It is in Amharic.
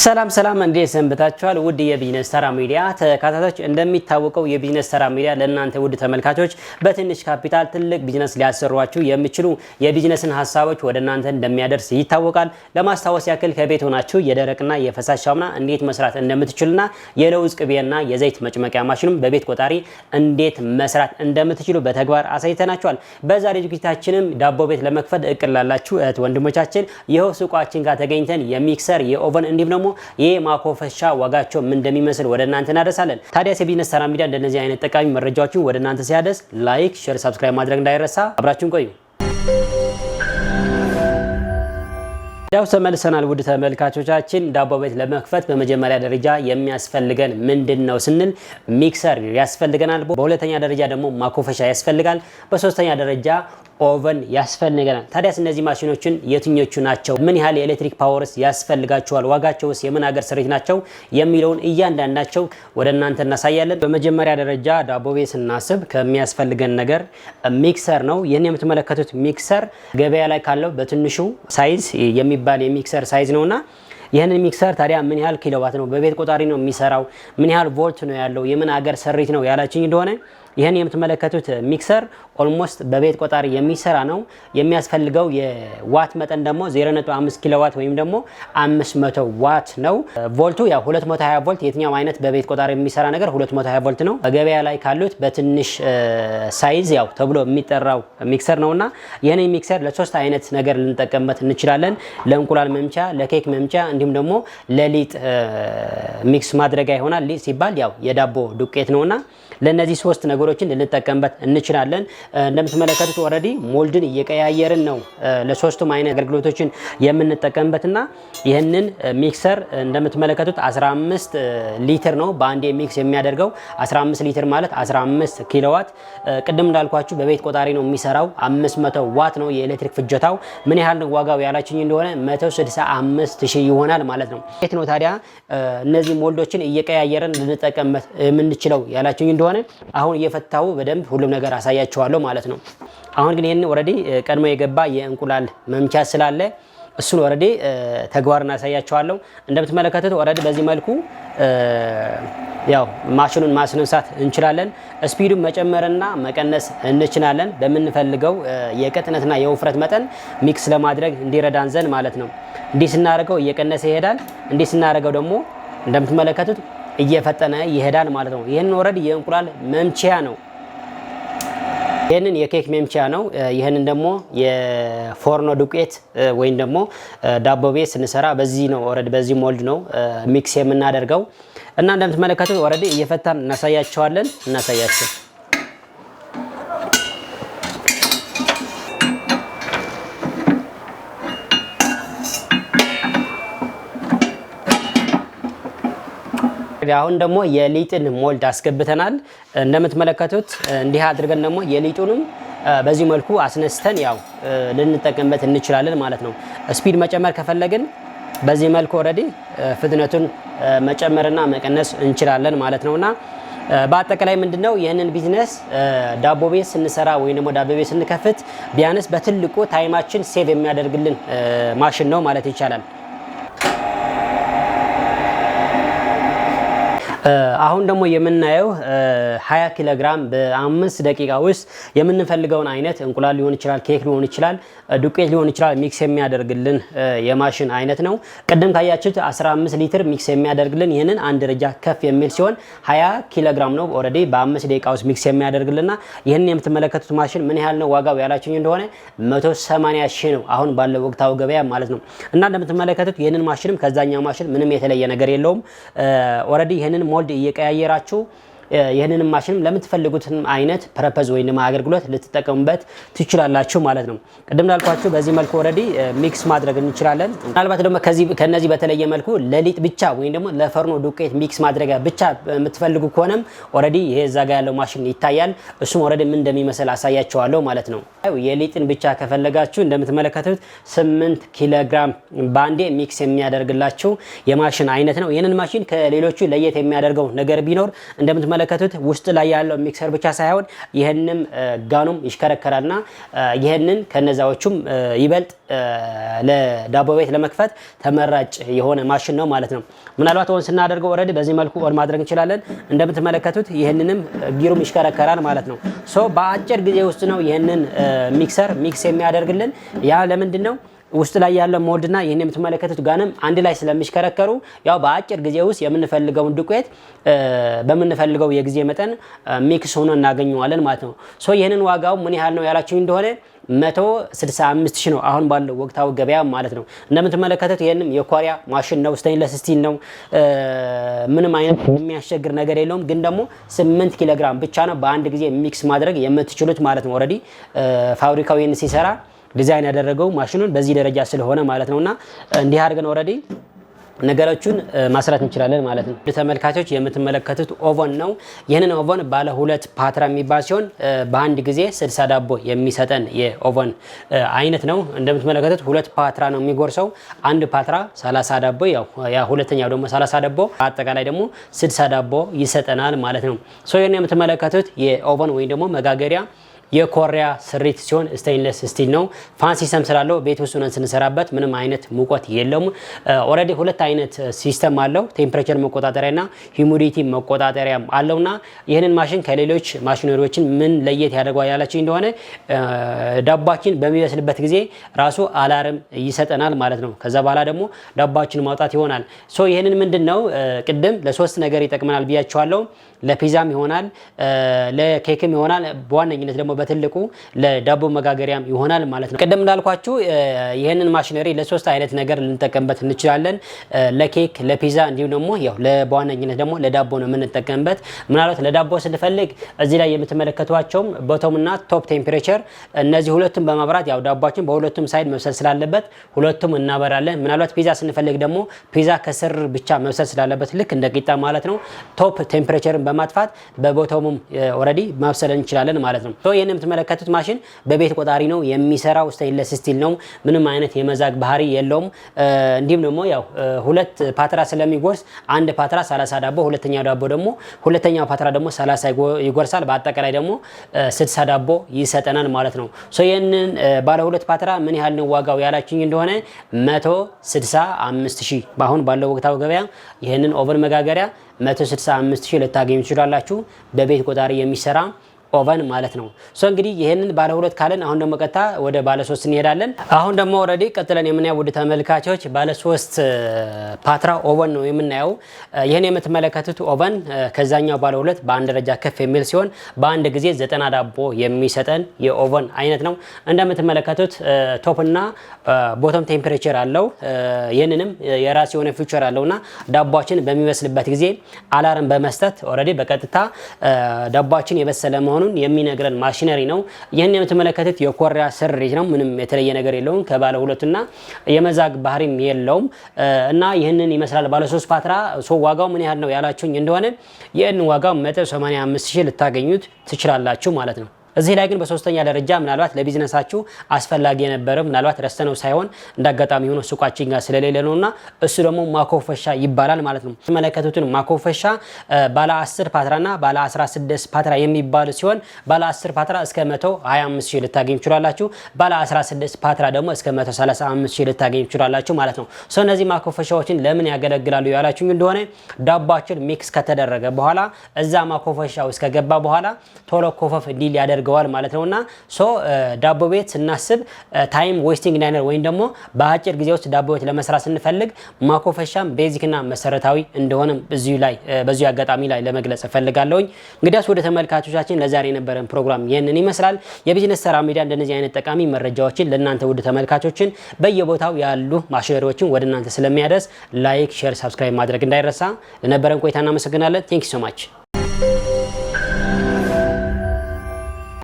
ሰላም ሰላም እንዴት ሰንብታችኋል? ውድ የቢዝነስ ተራ ሚዲያ ተከታታዮች፣ እንደሚታወቀው የቢዝነስ ተራ ሚዲያ ለእናንተ ውድ ተመልካቾች በትንሽ ካፒታል ትልቅ ቢዝነስ ሊያሰሯችሁ የሚችሉ የቢዝነስን ሀሳቦች ወደ እናንተ እንደሚያደርስ ይታወቃል። ለማስታወስ ያክል ከቤት ሆናችሁ የደረቅና የፈሳሽ ሳሙና እንዴት መስራት እንደምትችሉና የለውዝ ቅቤና የዘይት መጭመቂያ ማሽኑም በቤት ቆጣሪ እንዴት መስራት እንደምትችሉ በተግባር አሳይተናችኋል። በዛሬ ዝግጅታችንም ዳቦ ቤት ለመክፈት እቅድ ላላችሁ እህት ወንድሞቻችን ይኸው ሱቋችን ጋር ተገኝተን የሚክሰር የኦቨን እንዲሁም ደግሞ ይህ ማኮፈሻ ዋጋቸው ምን እንደሚመስል ወደ እናንተ እናደርሳለን። ታዲያ የቢዝነስ ተራ ሚዲያ እንደነዚህ አይነት ጠቃሚ መረጃዎችን ወደ እናንተ ሲያደርስ ላይክ፣ ሼር፣ ሰብስክራይብ ማድረግ እንዳይረሳ። አብራችሁን ቆዩ። ያው ተመልሰናል ውድ ተመልካቾቻችን። ዳቦ ቤት ለመክፈት በመጀመሪያ ደረጃ የሚያስፈልገን ምንድን ነው ስንል ሚክሰር ያስፈልገናል። በሁለተኛ ደረጃ ደግሞ ማኮፈሻ ያስፈልጋል። በሶስተኛ ደረጃ ኦቨን ያስፈልገናል። ታዲያስ እነዚህ ማሽኖችን የትኞቹ ናቸው? ምን ያህል የኤሌክትሪክ ፓወርስ ያስፈልጋቸዋል? ዋጋቸውስ የምን ሀገር ስሪት ናቸው? የሚለውን እያንዳንዳቸው ወደ እናንተ እናሳያለን። በመጀመሪያ ደረጃ ዳቦ ቤት ስናስብ ከሚያስፈልገን ነገር ሚክሰር ነው። ይህን የምትመለከቱት ሚክሰር ገበያ ላይ ካለው በትንሹ ሳይዝ የሚባል የሚክሰር ሳይዝ ነውና ይህንን ሚክሰር ታዲያ ምን ያህል ኪሎዋት ነው፣ በቤት ቆጣሪ ነው የሚሰራው፣ ምን ያህል ቮልት ነው ያለው፣ የምን ሀገር ስሪት ነው ያላችኝ እንደሆነ ይህን የምትመለከቱት ሚክሰር ኦልሞስት በቤት ቆጣሪ የሚሰራ ነው። የሚያስፈልገው የዋት መጠን ደግሞ 0.5 ኪሎዋት ወይም ደግሞ 500 ዋት ነው። ቮልቱ ያው 220 ቮልት፣ የትኛው አይነት በቤት ቆጣሪ የሚሰራ ነገር 220 ቮልት ነው። በገበያ ላይ ካሉት በትንሽ ሳይዝ ያው ተብሎ የሚጠራው ሚክሰር ነውና ይህንን ሚክሰር ለሶስት አይነት ነገር ልንጠቀምበት እንችላለን። ለእንቁላል መምቻ፣ ለኬክ መምቻ እንዲሁም ደግሞ ለሊጥ ሚክስ ማድረጊያ ይሆናል። ሊጥ ሲባል ያው የዳቦ ዱቄት ነውና ለእነዚህ ሶስት ነገር ነገሮችን ልንጠቀምበት እንችላለን። እንደምትመለከቱት ኦልሬዲ ሞልድን እየቀያየርን ነው ለሶስቱም አይነት አገልግሎቶችን የምንጠቀምበትና ይህንን ሚክሰር እንደምትመለከቱት 15 ሊትር ነው በአንድ ሚክስ የሚያደርገው 15 ሊትር ማለት 15 ኪሎዋት። ቅድም እንዳልኳችሁ በቤት ቆጣሪ ነው የሚሰራው 500 ዋት ነው የኤሌክትሪክ ፍጆታው። ምን ያህል ነው ዋጋው ያላችኝ እንደሆነ 165 ሺህ ይሆናል ማለት ነው። የት ነው ታዲያ እነዚህ ሞልዶችን እየቀያየርን ልንጠቀምበት የምንችለው ያላችኝ እንደሆነ አሁን እየፈታው በደንብ ሁሉም ነገር አሳያቸዋለሁ ማለት ነው። አሁን ግን ይህን ወረዲ ቀድሞ የገባ የእንቁላል መምቻ ስላለ እሱን ወረዲ ተግባርን አሳያቸዋለሁ እንደምትመለከቱት ወረዲ በዚህ መልኩ ያው ማሽኑን ማስነሳት እንችላለን። ስፒዱን መጨመርና መቀነስ እንችላለን። በምንፈልገው የቅጥነትና የውፍረት መጠን ሚክስ ለማድረግ እንዲረዳን ዘንድ ማለት ነው። እንዲህ ስናደርገው እየቀነሰ ይሄዳል። እንዲህ ስናደርገው ደግሞ እንደምትመለከቱት እየፈጠነ ይሄዳል ማለት ነው። ይህንን ወረድ የእንቁላል መምቻያ ነው። ይህንን የኬክ መምቻያ ነው። ይህንን ደግሞ የፎርኖ ዱቄት ወይም ደግሞ ዳቦ ቤት ስንሰራ በዚህ ነው ወረድ፣ በዚህ ሞልድ ነው ሚክስ የምናደርገው እና እንደምትመለከቱት ወረድ እየፈታን እናሳያቸዋለን እናሳያቸው አሁን ደግሞ የሊጥን ሞልድ አስገብተናል። እንደምትመለከቱት እንዲህ አድርገን ደግሞ የሊጡንም በዚህ መልኩ አስነስተን ያው ልንጠቀምበት እንችላለን ማለት ነው። ስፒድ መጨመር ከፈለግን በዚህ መልኩ ኦልሬዲ ፍጥነቱን መጨመርና መቀነስ እንችላለን ማለት ነውና በአጠቃላይ ምንድነው ይህንን ቢዝነስ ዳቦ ቤት ስንሰራ ወይም ደግሞ ዳቦ ቤት ስንከፍት ቢያንስ በትልቁ ታይማችን ሴቭ የሚያደርግልን ማሽን ነው ማለት ይቻላል። አሁን ደግሞ የምናየው 20 ኪሎ ግራም በአምስት ደቂቃ ውስጥ የምንፈልገውን አይነት እንቁላል ሊሆን ይችላል፣ ኬክ ሊሆን ይችላል፣ ዱቄት ሊሆን ይችላል ሚክስ የሚያደርግልን የማሽን አይነት ነው። ቅድም ካያችሁት 15 ሊትር ሚክስ የሚያደርግልን ይህንን አንድ ደረጃ ከፍ የሚል ሲሆን 20 ኪሎ ግራም ነው። ኦልሬዲ በአምስት ደቂቃ ውስጥ ሚክስ የሚያደርግልና ይህንን የምትመለከቱት ማሽን ምን ያህል ነው ዋጋው ያላችሁኝ እንደሆነ 180 ሺ ነው አሁን ባለው ወቅታዊ ገበያ ማለት ነው። እና እንደምትመለከቱት ይህንን ማሽንም ከዛኛው ማሽን ምንም የተለየ ነገር የለውም። ኦልሬዲ ይህንን ሞልድ እየቀያየራችሁ ይህንን ማሽንም ለምትፈልጉትም አይነት ፐረፐዝ ወይም አገልግሎት ልትጠቀሙበት ትችላላችሁ ማለት ነው። ቅድም ላልኳችሁ በዚህ መልኩ ኦልሬዲ ሚክስ ማድረግ እንችላለን። ምናልባት ደግሞ ከነዚህ በተለየ መልኩ ለሊጥ ብቻ ወይም ደግሞ ለፈርኖ ዱቄት ሚክስ ማድረጊያ ብቻ የምትፈልጉ ከሆነም ኦልሬዲ ይሄ እዛ ጋ ያለው ማሽን ይታያል። እሱም ኦልሬዲ ምን እንደሚመስል አሳያቸዋለሁ ማለት ነው። የሊጥን ብቻ ከፈለጋችሁ እንደምትመለከቱት 8 ኪሎግራም ባንዴ ሚክስ የሚያደርግላችሁ የማሽን አይነት ነው። ይህንን ማሽን ከሌሎቹ ለየት የሚያደርገው ነገር ቢኖር እንደምትመለ እንደምትመለከቱት ውስጥ ላይ ያለው ሚክሰር ብቻ ሳይሆን ይህንም ጋኑም ይሽከረከራልና ይህንን ከነዛዎቹም ይበልጥ ለዳቦ ቤት ለመክፈት ተመራጭ የሆነ ማሽን ነው ማለት ነው። ምናልባት ኦን ስናደርገው ኦልሬዲ በዚህ መልኩ ኦን ማድረግ እንችላለን። እንደምትመለከቱት ይህንንም ጊሩም ይሽከረከራል ማለት ነው። ሶ በአጭር ጊዜ ውስጥ ነው ይህንን ሚክሰር ሚክስ የሚያደርግልን ያ ለምንድን ነው ውስጥ ላይ ያለ ሞልድና ይህን የምትመለከቱት ጋንም አንድ ላይ ስለሚሽከረከሩ ያው በአጭር ጊዜ ውስጥ የምንፈልገውን ዱቄት በምንፈልገው የጊዜ መጠን ሚክስ ሆኖ እናገኘዋለን ማለት ነው። ሶ ይህንን ዋጋው ምን ያህል ነው ያላችሁ እንደሆነ 165 ሺህ ነው አሁን ባለው ወቅታዊ ገበያ ማለት ነው። እንደምትመለከቱት ይህንም የኮሪያ ማሽን ነው፣ ስቴንለስ ስቲል ነው። ምንም አይነት የሚያስቸግር ነገር የለውም። ግን ደግሞ 8 ግራም ብቻ ነው በአንድ ጊዜ ሚክስ ማድረግ የምትችሉት ማለት ነው። ኦልሬዲ ፋብሪካው ይህን ሲሰራ ዲዛይን ያደረገው ማሽኑን በዚህ ደረጃ ስለሆነ ማለት ነውና እንዲህ አድርገን ኦልሬዲ ነገሮቹን ማስራት እንችላለን ማለት ነው። ተመልካቾች የምትመለከቱት ኦቨን ነው። ይህንን ኦቨን ባለ ሁለት ፓትራ የሚባል ሲሆን በአንድ ጊዜ ስልሳ ዳቦ የሚሰጠን የኦቨን አይነት ነው። እንደምትመለከቱት ሁለት ፓትራ ነው የሚጎርሰው። አንድ ፓትራ 30 ዳቦ፣ ሁለተኛው ደግሞ 30 ዳቦ፣ አጠቃላይ ደግሞ ስልሳ ዳቦ ይሰጠናል ማለት ነው። ይህን የምትመለከቱት የኦቨን ወይም ደግሞ መጋገሪያ የኮሪያ ስሪት ሲሆን ስቴንለስ ስቲል ነው። ፋን ሲስተም ስላለው ቤት ውስጥ ሆነን ስንሰራበት ምንም አይነት ሙቀት የለውም። ኦልሬዲ uh, ሁለት አይነት ሲስተም uh, አለው፣ ቴምፕሬቸር መቆጣጠሪያና ሂሙዲቲ መቆጣጠሪያ አለውና ይህንን ማሽን ከሌሎች ማሽነሪዎችን ምን ለየት ያደርገዋል ያላችሁ እንደሆነ uh, ዳባችን በሚበስልበት ጊዜ ራሱ አላርም ይሰጠናል ማለት ነው። ከዛ በኋላ ደግሞ ዳባችን ማውጣት ይሆናል። ሶ ይህንን ምንድን ነው ቅድም ለሶስት ነገር ይጠቅመናል ብያቸዋለው? ለፒዛም ይሆናል፣ ለኬክም ይሆናል። በዋነኝነት ደግሞ በትልቁ ለዳቦ መጋገሪያም ይሆናል ማለት ነው። ቅድም እንዳልኳችሁ ይህንን ማሽነሪ ለሶስት አይነት ነገር ልንጠቀምበት እንችላለን። ለኬክ፣ ለፒዛ እንዲሁም ደግሞ ያው በዋነኝነት ደግሞ ለዳቦ ነው የምንጠቀምበት። ምናልባት ለዳቦ ስንፈልግ እዚህ ላይ የምትመለከቷቸውም ቦቶም እና ቶፕ ቴምፕሬቸር እነዚህ ሁለቱም በማብራት ያው ዳቧችን በሁለቱም ሳይድ መብሰል ስላለበት ሁለቱም እናበራለን። ምናልባት ፒዛ ስንፈልግ ደግሞ ፒዛ ከስር ብቻ መብሰል ስላለበት ልክ እንደ ቂጣ ማለት ነው ቶፕ ቴምፕሬቸርን በማጥፋት በቦታውም ኦልሬዲ ማብሰል እንችላለን ማለት ነው። ይህን የምትመለከቱት ማሽን በቤት ቆጣሪ ነው የሚሰራው። ስቴንለስ ስቲል ነው። ምንም አይነት የመዛግ ባህሪ የለውም። እንዲሁም ደግሞ ያው ሁለት ፓትራ ስለሚጎርስ አንድ ፓትራ 30 ዳቦ፣ ሁለተኛው ዳቦ ደግሞ ሁለተኛው ፓትራ ደግሞ 30 ይጎርሳል። በአጠቃላይ ደግሞ 60 ዳቦ ይሰጠናል ማለት ነው። ይህንን ባለ ሁለት ፓትራ ምን ያህል ነው ዋጋው ያላችኝ እንደሆነ 165 ሺህ በአሁን ባለው ወቅታዊ ገበያ ይህንን ኦቨን መጋገሪያ 165000 ሺህ ልታገኙ ትችላላችሁ። በቤት ቆጣሪ የሚሰራ ኦቨን ማለት ነው። ሶ እንግዲህ ይህንን ባለ ሁለት ካለን አሁን ደግሞ ቀጥታ ወደ ባለ ሶስት እንሄዳለን። አሁን ደግሞ ኦልሬዲ ቀጥለን የምናየው ውድ ተመልካቾች ባለ ሶስት ፓትራ ኦቨን ነው የምናየው። ይህን የምትመለከቱት ኦቨን ከዛኛው ባለ ሁለት በአንድ ደረጃ ከፍ የሚል ሲሆን በአንድ ጊዜ ዘጠና ዳቦ የሚሰጠን የኦቨን አይነት ነው። እንደምትመለከቱት ቶፕና ቦቶም ቴምፕሬቸር አለው። ይህንንም የራሱ የሆነ ፊቸር ና ዳቧችን በሚበስልበት ጊዜ አላርም በመስጠት ኦልሬዲ በቀጥታ ዳቧችን የበሰለ መሆኑ መሆኑን የሚነግረን ማሽነሪ ነው። ይህን የምትመለከቱት የኮሪያ ስሪት ነው። ምንም የተለየ ነገር የለውም። ከባለ ሁለቱና የመዛግ ባህሪም የለውም እና ይህንን ይመስላል። ባለ ሶስት ፓትራ ዋጋው ምን ያህል ነው ያላችሁኝ እንደሆነ ይህን ዋጋው መጠ 85 ሺህ ልታገኙት ትችላላችሁ ማለት ነው። እዚህ ላይ ግን በሶስተኛ ደረጃ ምናልባት ለቢዝነሳችሁ አስፈላጊ የነበረ ምናልባት ረስተነው ሳይሆን እንዳጋጣሚ ሆኖ ሱቃችን ጋር ስለሌለ ነው እና እሱ ደግሞ ማኮፈሻ ይባላል ማለት ነው። መለከቱትን ማኮፈሻ ባለ 10 ፓትራ ባለ 16 ፓትራ የሚባሉ ሲሆን ባለ 10 ፓትራ እስከ 125 ሺህ ልታገኝ ትችላላችሁ። ባለ 16 ፓትራ ደግሞ እስከ 135 ሺህ ልታገኝ ትችላላችሁ ማለት ነው። ሰው እነዚህ ማኮፈሻዎችን ለምን ያገለግላሉ ያላችሁ እንደሆነ ዳባችን ሚክስ ከተደረገ በኋላ እዛ ማኮፈሻ ውስጥ ከገባ በኋላ ቶሎ ኮፈፍ እንዲል ያደርግ ያደርገዋል ማለት ነውና ሶ ዳቦ ቤት ስናስብ ታይም ዌስቲንግ ዳይነር ወይም ደግሞ በአጭር ጊዜ ውስጥ ዳቦ ቤት ለመስራት ስንፈልግ ማኮፈሻም ቤዚክና መሰረታዊ እንደሆነም በዚሁ ላይ በዚሁ አጋጣሚ ላይ ለመግለጽ እፈልጋለሁኝ። እንግዲያስ ወደ ተመልካቾቻችን ለዛሬ የነበረን ፕሮግራም ይህንን ይመስላል። የቢዝነስ ሰራ ሚዲያ እንደነዚህ አይነት ጠቃሚ መረጃዎችን ለእናንተ ውድ ተመልካቾችን በየቦታው ያሉ ማሸሪያዎችን ወደ እናንተ ስለሚያደርስ ላይክ፣ ሼር፣ ሳብስክራይብ ማድረግ እንዳይረሳ። ለነበረን ቆይታ እናመሰግናለን። ቴንክ ሶ ማች